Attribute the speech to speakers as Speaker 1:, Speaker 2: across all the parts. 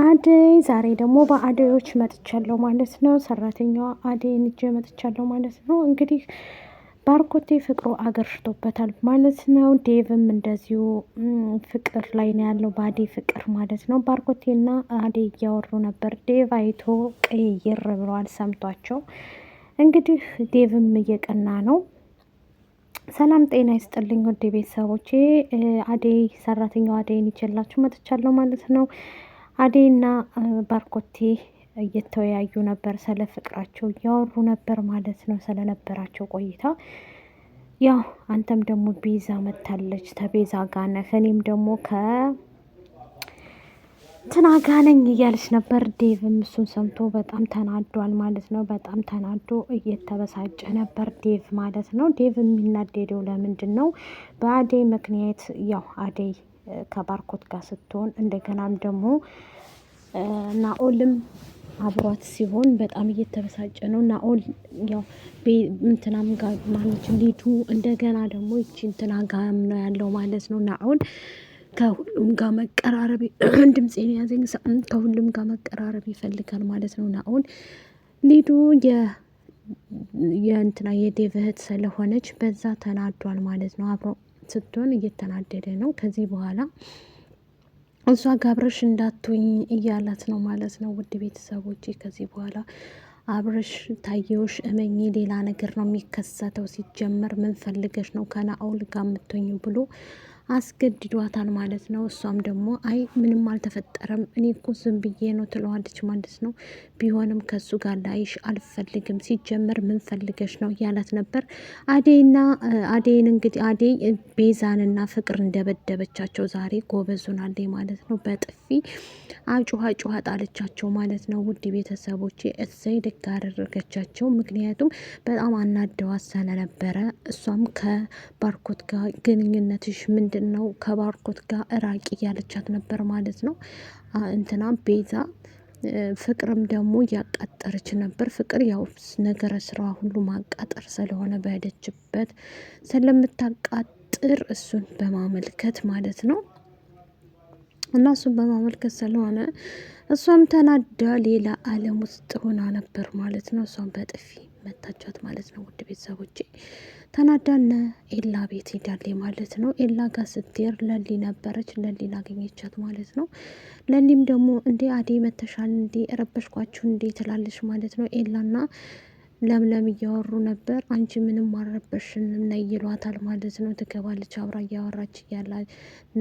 Speaker 1: አደይ ዛሬ ደግሞ በአደዮች መጥቻለሁ ማለት ነው። ሰራተኛዋ አደይን ይዤ መጥቻለሁ ማለት ነው። እንግዲህ ባርኮቴ ፍቅሩ አገርሽቶበታል ማለት ነው። ዴቭም እንደዚሁ ፍቅር ላይ ነው ያለው በአደይ ፍቅር ማለት ነው። ባርኮቴና አደይ እያወሩ ነበር። ዴቭ አይቶ ቅይር ብለዋል ሰምቷቸው። እንግዲህ ዴቭም እየቀና ነው። ሰላም ጤና ይስጥልኝ ውድ ቤተሰቦቼ፣ አደይ ሰራተኛዋ አደይን ይዤላችሁ መጥቻለሁ ማለት ነው። አዴና ባርኮቴ እየተወያዩ ነበር፣ ስለ ፍቅራቸው እያወሩ ነበር ማለት ነው። ስለነበራቸው ቆይታ ያው አንተም ደግሞ ቤዛ መታለች ተቤዛ ጋር እኔም ደግሞ ከ ትናጋነኝ እያለች ነበር። ዴቭም እሱን ሰምቶ በጣም ተናዷል ማለት ነው። በጣም ተናዶ እየተበሳጨ ነበር ዴቭ ማለት ነው። ዴቭ የሚናደደው ለምንድን ነው? በአዴይ ምክንያት ያው አዴይ ከባርኮት ጋር ስትሆን እንደገናም ደግሞ ናኦልም አብሯት ሲሆን በጣም እየተበሳጨ ነው። ናኦል ያው እንትናም ጋር ማለች ሊዱ እንደገና ደግሞ ይቺ እንትና ጋም ነው ያለው ማለት ነው። ናኦል ከሁሉም ጋር መቀራረብ ድምፄን ያዘኝ። ከሁሉም ጋር መቀራረብ ይፈልጋል ማለት ነው። ናኦል ሊዱ የእንትና የዴቭ እህት ስለሆነች በዛ ተናዷል ማለት ነው አብሮ ስትሆን እየተናደደ ነው። ከዚህ በኋላ እሷ ጋብረሽ እንዳትኝ እያላት ነው ማለት ነው። ውድ ቤተሰቦች ከዚህ በኋላ አብረሽ ታየውሽ እመኝ፣ ሌላ ነገር ነው የሚከሰተው። ሲጀመር ምን ፈልገሽ ነው ከናኦል ጋር የምትኙ ብሎ አስገድዷታል ማለት ነው። እሷም ደግሞ አይ ምንም አልተፈጠረም እኔ እኮ ዝም ብዬ ነው ትለዋለች ማለት ነው። ቢሆንም ከሱ ጋር ላይሽ አልፈልግም ሲጀመር ምን ፈልገሽ ነው እያላት ነበር። አዴይና አዴይን እንግዲህ አዴይ ቤዛንና ፍቅር እንደበደበቻቸው ዛሬ ጎበዙናል ማለት ነው። በጥፊ አጩኋ ጩኋ ጣለቻቸው ማለት ነው። ውድ ቤተሰቦች እሰይ ልክ አደረገቻቸው። ምክንያቱም በጣም አናደዋት ስለነበረ እሷም ከባርኮት ጋር ግንኙነትሽ ምን ምንድን ነው ከባርኮት ጋር እራቂ እያለቻት ነበር ማለት ነው። እንትና ቤዛ ፍቅርም ደግሞ እያቃጠረች ነበር። ፍቅር ያው ነገረ ስራዋ ሁሉ ማቃጠር ስለሆነ በሄደችበት ስለምታቃጥር እሱን በማመልከት ማለት ነው እና እሱን በማመልከት ስለሆነ እሷም ተናዳ ሌላ ዓለም ውስጥ ሆና ነበር ማለት ነው። እሷም በጥፊ መታቻት ማለት ነው። ውድ ቤተሰቦቼ ተናዳነ ኤላ ቤት ሄዳለ ማለት ነው። ኤላ ጋር ስትሄድ ለሊ ነበረች። ለሊ አገኘቻት ማለት ነው። ለሊም ደግሞ እንዴ አዴ መተሻል እንዴ ረበሽኳችሁ እንዴ ትላለች ማለት ነው። ኤላና ለምለም እያወሩ ነበር። አንቺ ምንም አረበሽንም ነ ይሏታል ማለት ነው። ትገባለች አብራ እያወራች እያላ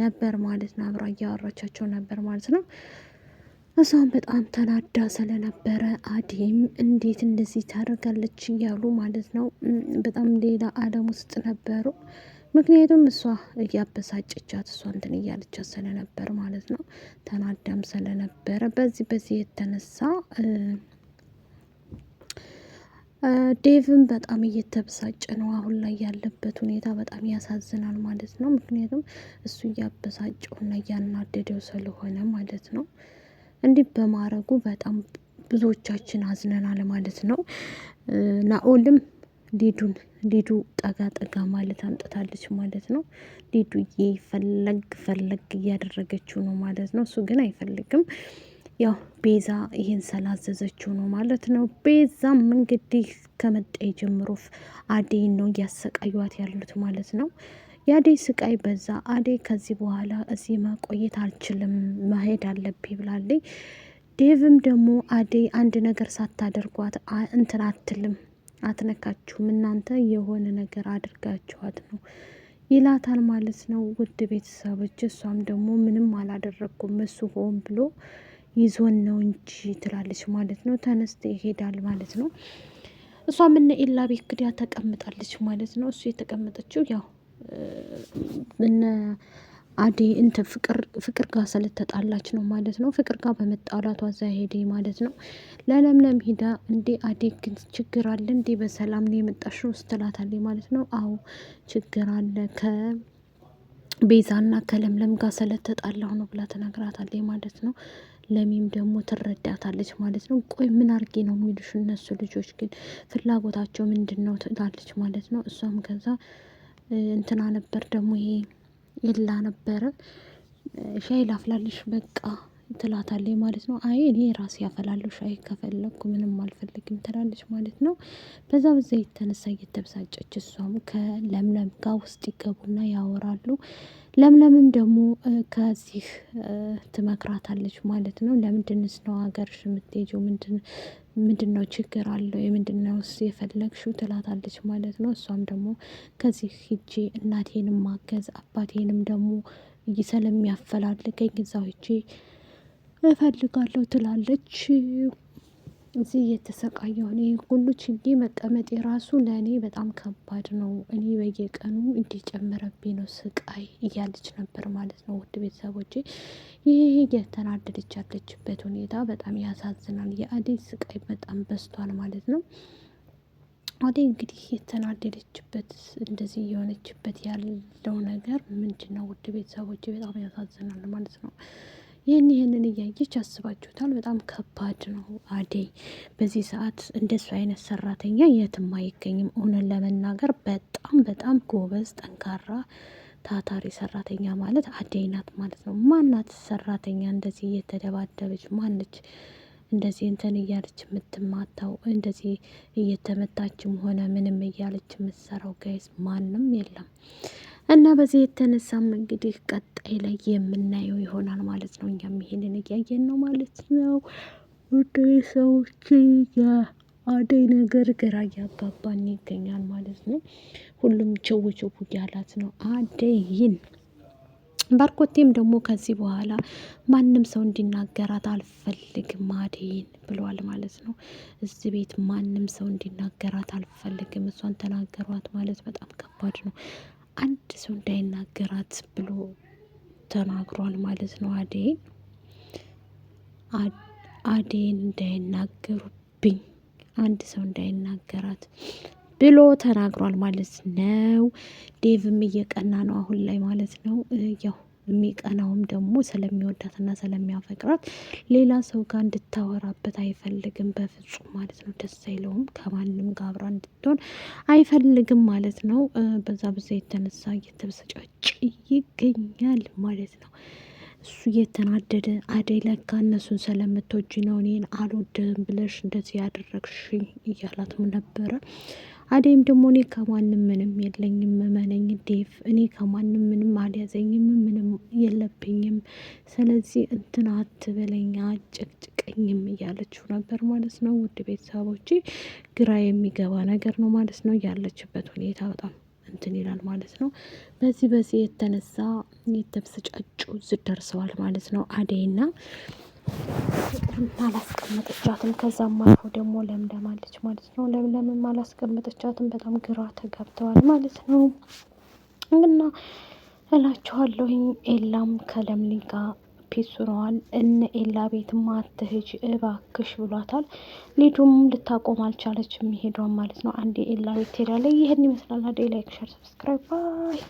Speaker 1: ነበር ማለት ነው። አብራ እያወራቻቸው ነበር ማለት ነው። እሷም በጣም ተናዳ ስለነበረ አዴም እንዴት እንደዚህ ታደርጋለች እያሉ ማለት ነው በጣም ሌላ ዓለም ውስጥ ነበሩ። ምክንያቱም እሷ እያበሳጨቻት እሷ እንትን እያለቻት ስለነበር ማለት ነው ተናዳም ስለነበረ በዚህ በዚህ የተነሳ ዴቭን በጣም እየተበሳጨ ነው አሁን ላይ ያለበት ሁኔታ በጣም ያሳዝናል ማለት ነው። ምክንያቱም እሱ እያበሳጨውና እያናደደው ስለሆነ ማለት ነው። እንዲህ በማረጉ በጣም ብዙዎቻችን አዝነናል ማለት ነው። ናኦልም ሊዱን ሊዱ ጠጋ ጠጋ ማለት አምጥታለች ማለት ነው። ሊዱ ፈለግ ፈለግ እያደረገችው ነው ማለት ነው። እሱ ግን አይፈልግም። ያው ቤዛ ይህን ስላዘዘችው ነው ማለት ነው። ቤዛም እንግዲህ ከመጣ ጀምሮ አዴይን ነው እያሰቃዩት ያሉት ማለት ነው። የአደይ ስቃይ በዛ። አደይ ከዚህ በኋላ እዚህ መቆየት አልችልም መሄድ አለብኝ ብላለች። ዴቭም ደግሞ አደይ አንድ ነገር ሳታደርጓት እንትን አትልም አትነካችሁም፣ እናንተ የሆነ ነገር አድርጋችኋት ነው ይላታል ማለት ነው። ውድ ቤተሰቦች፣ እሷም ደግሞ ምንም አላደረግኩም እሱ ሆን ብሎ ይዞን ነው እንጂ ትላለች ማለት ነው። ተነስተ ይሄዳል ማለት ነው። እሷም እነ ኤላ ተቀምጣለች ማለት ነው። እሱ የተቀመጠችው ያው እነ አዴ እንትን ፍቅር ፍቅር ጋር ስለተጣላች ነው ማለት ነው። ፍቅር ጋር በመጣላቷ እዛ ሄደ ማለት ነው። ለለምለም ሂዳ እንዴ አዴ ግን ችግር አለ እንዴ በሰላም ነው የመጣሽው ስትላታለች ማለት ነው። አዎ ችግር አለ ከ ቤዛና ከለምለም ጋር ስለተጣላሁ ነው ብላ ተናግራታለች ማለት ነው። ለሚም ደግሞ ትረዳታለች ማለት ነው። ቆይ ምን አርጌ ነው የሚሉሽ እነሱ ልጆች ግን ፍላጎታቸው ምንድን ነው ትላለች ማለት ነው። እሷም ከዛ እንትና ነበር ደግሞ ይሄ ኤላ ነበረ። ሻይ ላፍላልሽ በቃ ትላታለች ማለት ነው። አይ እኔ ራሴ ያፈላለሁ ሻይ ከፈለግኩ ምንም አልፈልግም ትላለች ማለት ነው። በዛ በዛ የተነሳ እየተበሳጨች እሷም ከለምለም ጋር ውስጥ ይገቡና ያወራሉ። ለምለምም ደግሞ ከዚህ ትመክራታለች ማለት ነው። ለምንድንስ ነው ሀገርሽ የምትሄጂው? ምንድን ነው ችግር አለው? የምንድነውስ የፈለግሽው? ትላታለች ማለት ነው። እሷም ደግሞ ከዚህ ሂጄ እናቴንም ማገዝ አባቴንም ደግሞ ስለሚያፈላልገኝ እዛው ሂጄ እፈልጋለሁ ትላለች። እዚህ እየተሰቃየሁ ይህ ሁሉ ችዬ መቀመጥ የራሱ ለእኔ በጣም ከባድ ነው። እኔ በየቀኑ እንዲጨምረብኝ ነው ስቃይ እያለች ነበር ማለት ነው። ውድ ቤተሰቦቼ ይህ እየተናደደች ያለችበት ሁኔታ በጣም ያሳዝናል። የአደይ ስቃይ በጣም በዝቷል ማለት ነው። አዴ እንግዲህ የተናደደችበት እንደዚህ የሆነችበት ያለው ነገር ምንድን ነው? ውድ ቤተሰቦቼ በጣም ያሳዝናል ማለት ነው። ይህን ይህንን እያየች አስባችሁታል። በጣም ከባድ ነው አደይ። በዚህ ሰዓት እንደሱ አይነት ሰራተኛ የትም አይገኝም። እውነን ለመናገር በጣም በጣም ጎበዝ፣ ጠንካራ ታታሪ ሰራተኛ ማለት አደይ ናት ማለት ነው። ማናት ሰራተኛ እንደዚህ እየተደባደበች ማነች እንደዚህ እንትን እያለች የምትማታው እንደዚህ እየተመታችም ሆነ ምንም እያለች የምትሰራው ጋይዝ ማንም የለም። እና በዚህ የተነሳም እንግዲህ ቀጣይ ላይ የምናየው ይሆናል ማለት ነው። እኛም ይሄንን እያየን ነው ማለት ነው። ወደ ሰዎች የአደይ ነገር ግራ እያጋባን ይገኛል ማለት ነው። ሁሉም ችው ችው እያላት ነው አደይን ባርኮቴም ደግሞ ከዚህ በኋላ ማንም ሰው እንዲናገራት አልፈልግም አደይን ብሏል ማለት ነው። እዚህ ቤት ማንም ሰው እንዲናገራት አልፈልግም፣ እሷን ተናገሯት ማለት በጣም ከባድ ነው። አንድ ሰው እንዳይናገራት ብሎ ተናግሯል ማለት ነው። አዴን አዴን እንዳይናገሩብኝ አንድ ሰው እንዳይናገራት ብሎ ተናግሯል ማለት ነው። ዴቭም እየቀና ነው አሁን ላይ ማለት ነው ያው የሚቀናውም ደግሞ ስለሚወዳትና ስለሚያፈቅራት ሌላ ሰው ጋር እንድታወራበት አይፈልግም በፍጹም ማለት ነው። ደስ አይለውም። ከማንም ጋር አብራ እንድትሆን አይፈልግም ማለት ነው። በዛ ብዛ የተነሳ እየተበሰጫጭ ይገኛል ማለት ነው። እሱ እየተናደደ አደይ ለካ እነሱን ስለምትወጂ ነው እኔን አልወድህም ብለሽ እንደዚህ ያደረግሽኝ እያላትም ነበረ። አደይም ደግሞ እኔ ከማንም ምንም የለኝም መነኝ ዴፍ፣ እኔ ከማንም ምንም አልያዘኝም፣ ምንም የለብኝም። ስለዚህ እንትን አትበለኛ ጭቅጭቀኝም እያለችው ነበር ማለት ነው። ውድ ቤተሰቦች ግራ የሚገባ ነገር ነው ማለት ነው። ያለችበት ሁኔታ በጣም እንትን ይላል ማለት ነው። በዚህ በዚህ የተነሳ የተብስጫጩ ደርሰዋል ማለት ነው አደይና ፍቅርም አላስቀመጠቻትም። ከዛም አልፎ ደግሞ ለምለማለች ማለት ነው። ለምለምም አላስቀመጠቻትም። በጣም ግራ ተጋብተዋል ማለት ነው። እና እላችኋለሁኝ ኤላም ከለምለም ጋር ፒሱነዋል እነ ኤላ ቤት ማትሄጅ እባክሽ ብሏታል። ሊዱም ልታቆም አልቻለች የሚሄዷን ማለት ነው። አንዴ ኤላ ቤት ትሄዳለች። ይህን ይመስላል። አዴ ላይክ፣ ሸር፣ ሰብስክራይብ ባይ